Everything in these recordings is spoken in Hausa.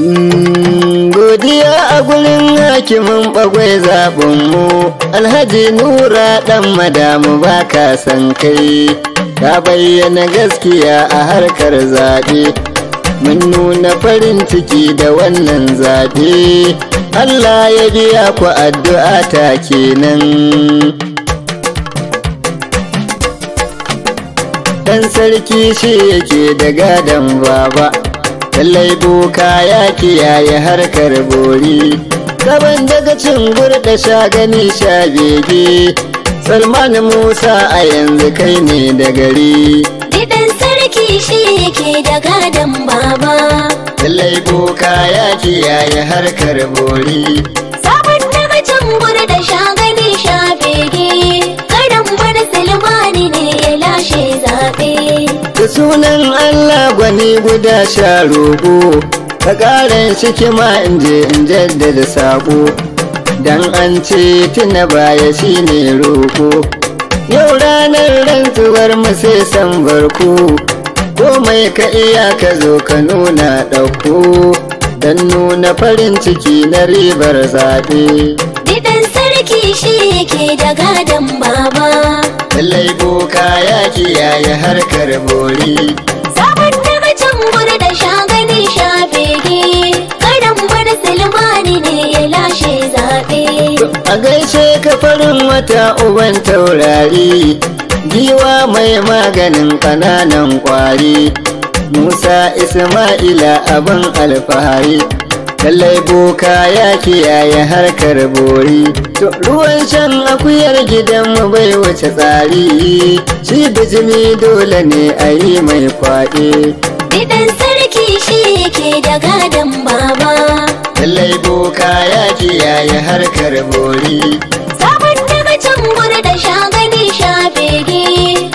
Mm, godiya a gurin hakimin bagwai zaɓinmu, Alhaji Nura ɗan madamu ba ka san kai, ka bayyana gaskiya a harkar zaɓe. Mun nuna farin ciki da wannan zaɓe, Allah ya biya ku addu'a ta kenan. Ɗan sarki shi yake da gadon baba. lallai boka ya kiyaye harkar bori gaban daga cin gurɗa sha gani sha bege salman musa a yanzu kai ne da gari gidan sarki shi yake da gadon baba lallai boka ya kiyaye harkar bori sabon daga cin gurɗa sha da sunan Allah gwani guda sha rogo ka ƙarin shikima in je in jaddada saƙo, dan an ce tuna baya ne rogo yau ranar rantsuwar mu sai san ko komai ka iya ka zo ka nuna ɗauko dan nuna farin ciki na ribar zaɓe ki shi yake da gadon baba Lallai boka ya kiyaye harkar bori Sabon daga can gudu da shagani shafege Gadon bada Silmani ne ya lashe zaɓe A gaishe ka farin wata uban taurari Giwa mai maganin ƙananan ƙwari Musa Ismaila abin alfahari lallai boka ya kiyaye harkar bori to ruwan shan akuyar gidan mu bai wuce tsari shi bijimi dole ne a yi mai kwaɗe gidan sarki shi yake da gadon baba lallai boka ya kiyaye harkar bori sabon daga can gudu da shagani shafege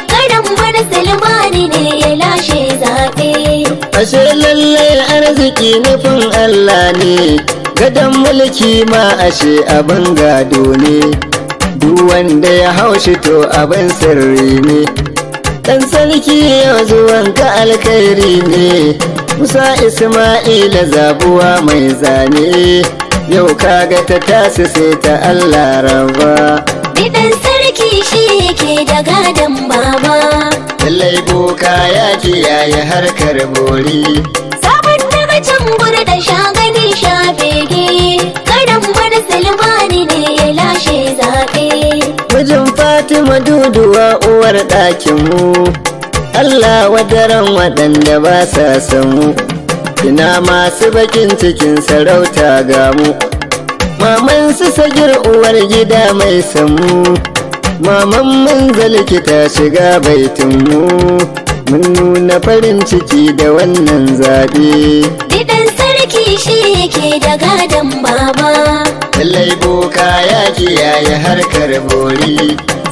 karan bar salmani ne ya lashe zaɓe ashe lallai arziki nufin Allah ne gadon mulki ma ashe abin gado ne duk wanda ya haushi to abin sirri ne Ɗan sarki yau ka alkhairi ne musa isma'ila zabuwa mai zane yau kaga ta tasi sai ta allah raba kishi ke da gadon baba lallai boka ya ce yayi harkar bori sabon daga can shagali shagani shafege gadon wani silmani ne ya lashe zaɓe mijin fatima duduwa uwar ɗakinmu allah wadaran waɗanda ba sa samu ina masu bakin cikin sarauta ga mu maman su sagir uwar gida mai samu maman manzal ki ta shiga baitinmu mun nuna farin ciki da wannan zaɓe bidan sarki shi yake da gadon baba lallai boka ya kiyaye harkar bori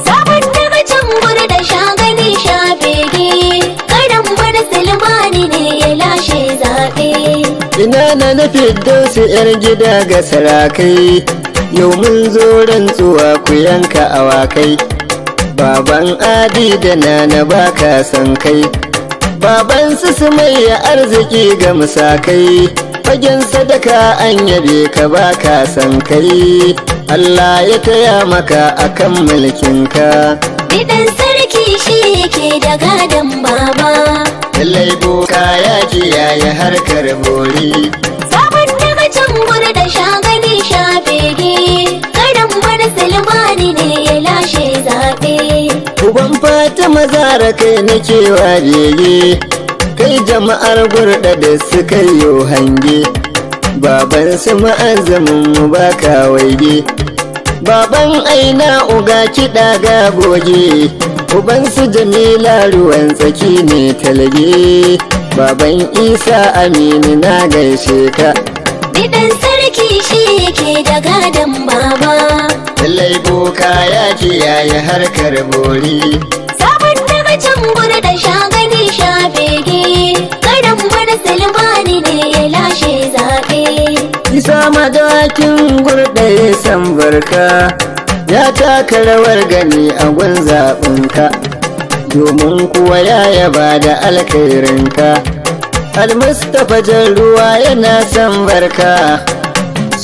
sabon daga can guri da shagani shafege karan bada sulmani ne ya lashe zaɓe ina na nufi 'yar gida ga sarakai yau mun zo rantsuwa ku yanka awakai baban adi da nana baka san kai baban su su ya arziki ga musakai fagen sadaka an yabe ka baka san kai Allah ya taya maka akan ka. bidan sarki shi yake da gadon baba lallai boka ya kiyaye harkar bori ta mazara kai nake wariye kai jama'ar gurɗa da suka yi hange baban su ma'azamin mu baka waige baban aina uga kiɗa ga goge uban su jamila ruwan tsaki ne talge baban isa aminu na gaishe ka Bidan sarki shi ke da gadon baba. Lallai boka ya kiyaye harkar bori. isa madakin gurɗe barka ya taka rawar gani a gun zaɓinka domin kuwa ya yaba da Al-Mustapha jan ruwa yana san barka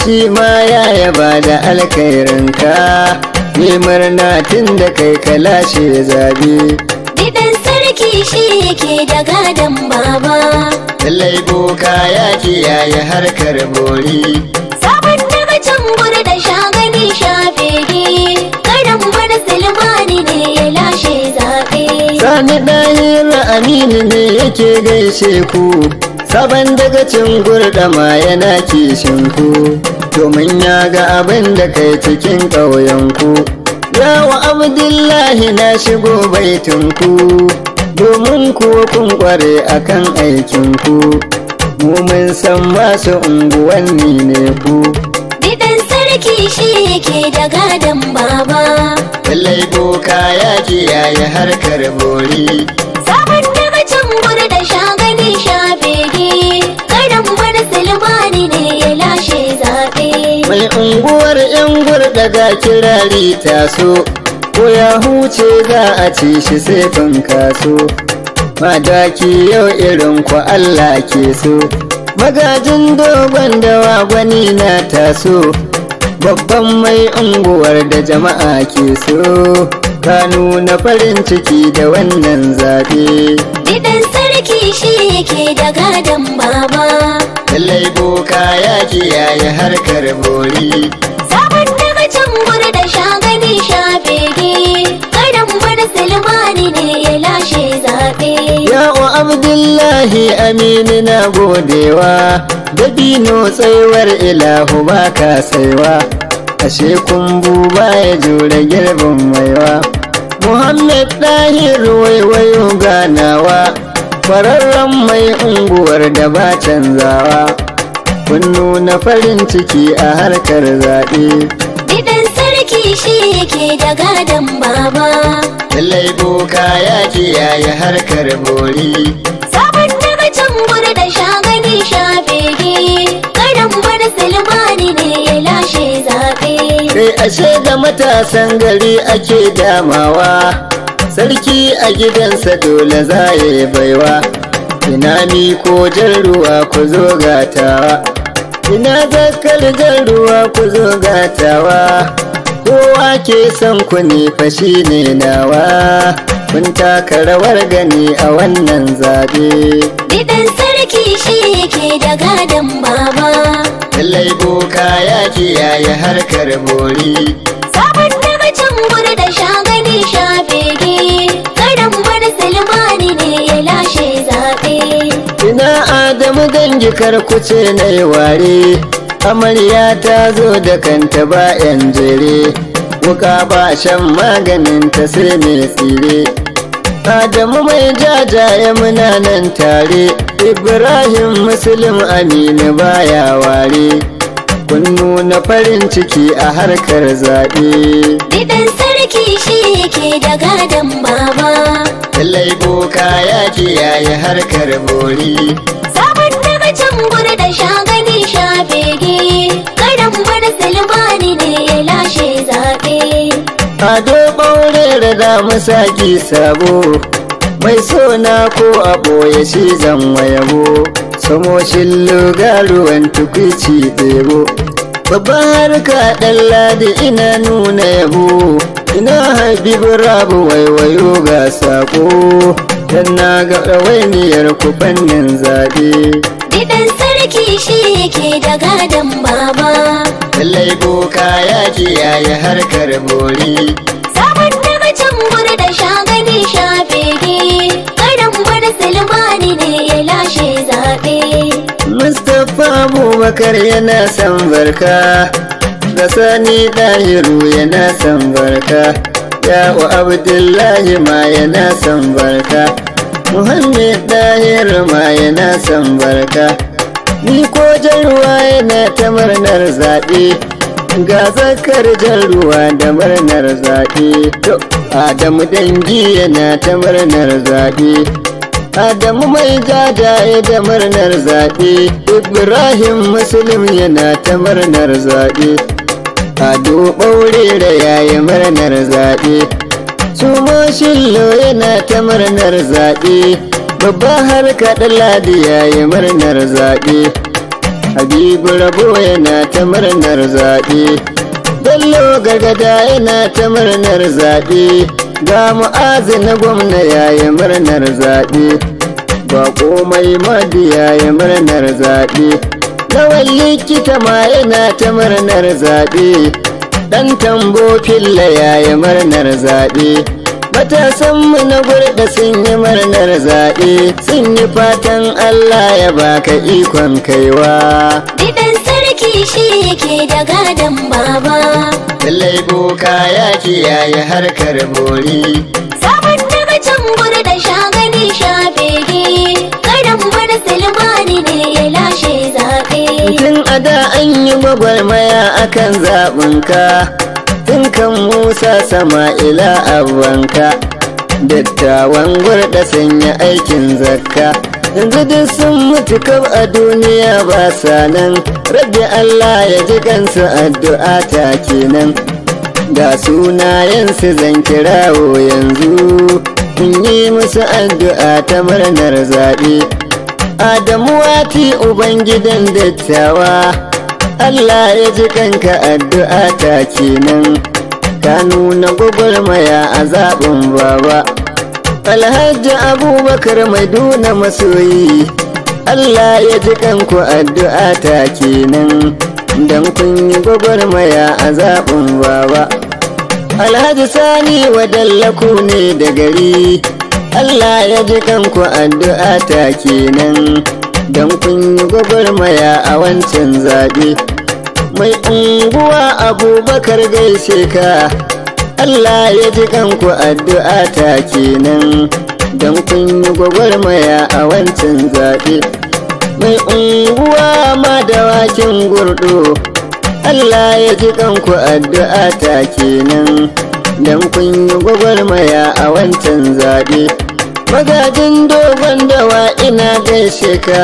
shi ma ya yaba da alkairinka, ne murna tun da kai kalashe zabi kishi ke da gadon baba lallai boka ya kiyaye harkar bori sabon daga can gudu da shagani shafege karan bada Sulmani ne ya lashe zaɓe sani ɗayin aminu ne yake gaishe ku sabon daga can ma yana kishin ku domin ya ga abin da kai cikin ƙauyenku yawa abdullahi na shigo baitinku domin kuwa kun kware akan aikinku mu mun san masu unguwanni ne ku gidan sarki shi yake da gadon baba lallai boka ya yayi harkar bori sabon daga can gudu da shagani shafe ne. gadon bada sulmani ne ya lashe zaɓe mai unguwar yan gurɗa ga kirari taso ko ya huce za a ci shi sai kan kaso madaki yau irin ku Allah ke so magajin dogon dawa gwani na taso babban mai unguwar da jama'a ke so ka nuna farin ciki da wannan zaɓe. Bidan sarki shi yake da gadon baba. Lallai boka ya kiyaye harkar bori. abdullahi aminu na godewa dabino tsaiwar ilahu ba ka saiwa ashe kumbu ba ya jure girbin maiwa muhammed dahir waiwayo ganawa fararren mai unguwar da ba canzawa kun nuna farin ciki a harkar zaɓe sarki shi yake da gadon baba lallai boka ya yi harkar bori sabon daga can gudu da shagani ke. gadon bada sulmani ne ya lashe zaɓe kai ashe ga matasan gari ake damawa sarki a gidansa dole za ya yi baiwa ni ko jan ruwa ku zo gatawa ina zakar jan ruwa ku zo gatawa kowa ke son ku ne fashi ne nawa kun taka rawar gani a wannan zabe bidan sarki shi ke da gadon baba lallai boka ya kiyaye harkar bori sabon daga can gudu da shagani bege karan bar salmani ne ya lashe zabe ina adamu dangikar ce na ware amarya ta zo da kanta bayan jere wuka ba shan maganin ta sai mai tsire adamu mai jajaye muna nan tare ibrahim muslim aminu baya ware kun nuna farin ciki a harkar zaɓe Bidan sarki shi ke da gadon baba Lallai boka ya ke yayi harkar bori ado ɓaure da za mu saki sabo mai sona ko a ɓoye shi zan wayabo samo shillo garuwan tukwici ɗebo babban harka ɗan ladi ina nuna yabo ina habibu rabu waiwayo ga sako dan na ga ɗawainiyar ku fannin zaɓe. gidan sarki shi yake daga dan baba. lallai boka ya kiyaye harkar bori sabon da can guri da shagani ne. karan wani silmani ne ya lashe zaɓe mustapha abubakar yana son barka da sani ɗahiru yana son barka ya'u abdullahi ma yana son barka muhammed ɗahiru ma yana son barka ni jan ruwa yana ta murnar zaɓe ga zakar jan ruwa da murnar zaɓe adamu dangi yana ta murnar zaɓe adamu mai jajaye da murnar zaɓe ibrahim muslim yana ta murnar zaɓe ado ɓaure da yaya murnar zaɓe su yana ta murnar zaɓe babba har kaɗan ladi ya yi murnar zaɓe habibu rabo yana ta murnar zaɓe bello gargada yana ta murnar zaɓe ga mu'azi na gwamna ya yi murnar zaɓe bako mai madi ya yi murnar zaɓe lawan likita ma yana ta murnar zaɓe ɗan tambo filla ya yi murnar zaɓe mu na gurda sun yi murnar zaɓe sun yi fatan allah ya baka ikon kaiwa biɗan sarki shi yake da gadon baba lallai boka ya kiyaye harkar bori sabon daga can gurda shagani shafege gadon bada silmani ne ya lashe zaɓe tun a da an yi gwagwarmaya akan zaɓinka dinkan Musa Sama'ila abanka dattawan gurɗa sanya aikin zakka yanzu duk sun mutu a duniya basa sa nan rabbi Allah ya ji kansu addu'a ta kenan ga sunayensu zan kirawo yanzu in yi musu addu'a ta murnar zaɓe Adamu wati Ubangidan dattawa Allah ya ji kanka addu'a ta kenan ka nuna gwagwarmaya a zaɓin baba alhaji abubakar mai masoyi Allah ya ji kanku addu'a ta kenan don kun yi gwagwarmaya a zaɓin baba alhaji sani wa wadallaku ne da gari Allah ya ji kanku addu'a ta kenan Dan kun yi gwagwarmaya a wancan zaɓe mai unguwa abubakar gaishe ka Allah ya ji kanku addu'a ta kenan don kun yi gwagwarmaya a wancan zaɓe mai unguwa ma da wakin gurɗo Allah ya ji kanku addu'a ta kenan don kun yi gwagwarmaya a wancan zaɓe magajin dogon dawa ina gaishe ka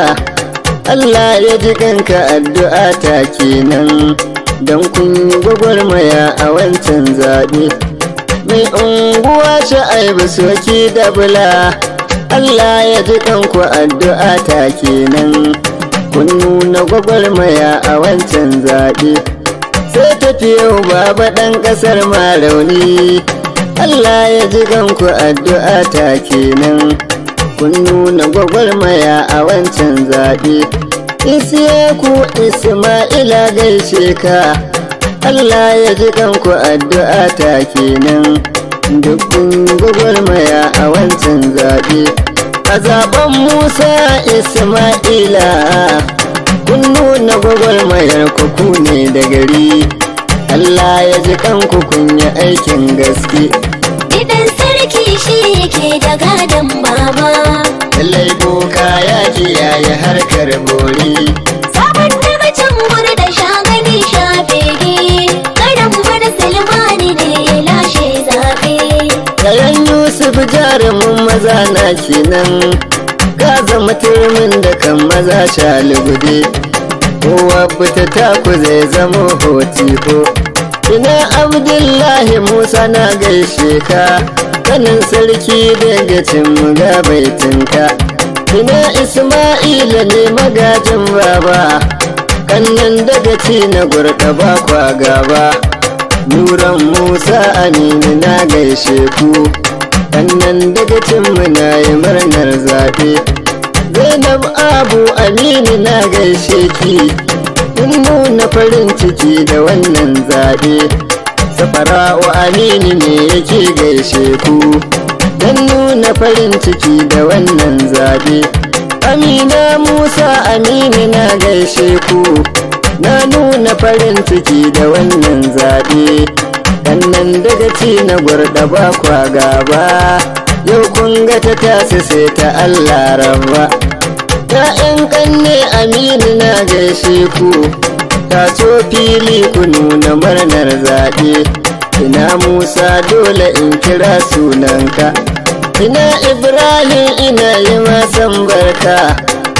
Allah ya ji kanka addu'a ta kenan don kun yi gwagwarmaya a wancan zaɓe. Mai unguwa sha'aibu soki da bula, Allah ya ji kanku addu'a ta kenan kun nuna gwagwarmaya a wancan zaɓe. Sai yau baba ɗan ƙasar ma rauni, Allah ya ji kanku addu'a ta kenan. kun nuna gwagwarmaya a wancan zaɓe isiyaku isma'ila gaishe ka allah ya ji kanku addu'a ta kenan Dukkan gwagwarmaya a wancan zaɓe a zaɓen musa isma'ila kun nuna gwagwarmayar ku ne da gari allah ya ji kanku kun yi aikin gaske shi ke da gadon baba lallai boka ya kiyaye harkar bori sabon daga can gudu da shafe ne. gadon bada salmani ne ya lashe zaɓe yayan yusuf jarumin maza na kenan ka zama turmin da kan maza shalugube kowa fita taku zai zama hotiko ina abdullahi musa na gaishe ka malam sarki ga cin magabaitinka ina isma'ila ne magajin baba kannan daga ci na gurka ba kwa gaba nuran musa aminu na gaishe ku kannan daga cin muna yi murnar zaɓe zainab abu aminu na gaishe ki nuna farin ciki da wannan zaɓe safara'u aminu ne yake gaishe ku don nuna farin ciki da wannan zabe amina musa aminu na gaishe ku na nuna farin ciki da wannan zabe kannan daga ci na gwarda ba kwa gaba yau kun ga ta tasu sai ta allah rabba 'ya'yan kanne aminu na gaishe ku taso fili ku nuna murnar zaɓe ina musa dole in kira sunanka ina ibrahim ina yi masan barka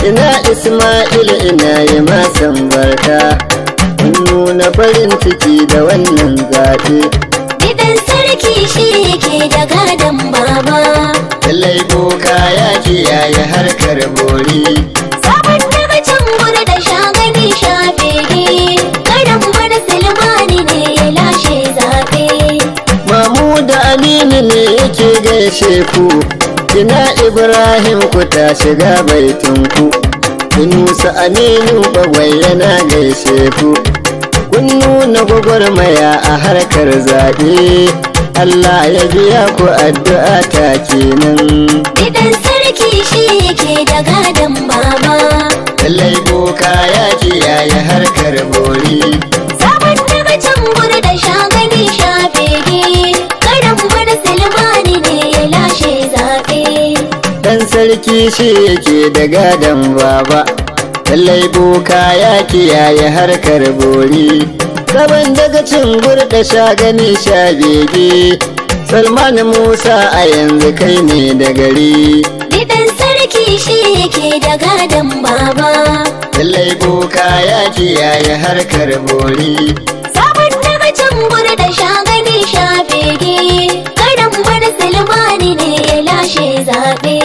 ina isma'il ina yi masan barka in nuna farin ciki da wannan zaɓe gidan sarki shi ke da gadon baba lallai boka ya kiyaye harkar bori gaishe ku ina ibrahim ku ta shiga baitinku musa aminu bagwai yana gaishe ku kun nuna gwagwarmaya a harkar zaɓe allah ya biya ku addu'a ta kenan gidan sarki shi yake da gadon baba lallai boka ya kiyaye harkar bori sarki shi yake da gadon baba lallai boka ya kiyaye harkar bori saban daga cin gurɗa sha gani sha bege salman musa a yanzu kai ne da gari bidan sarki shi yake da gadon baba lallai boka ya kiyaye harkar bori Sabon daga cin gurɗa sha gani sha bege karan bar salmani ne ya lashe zaɓe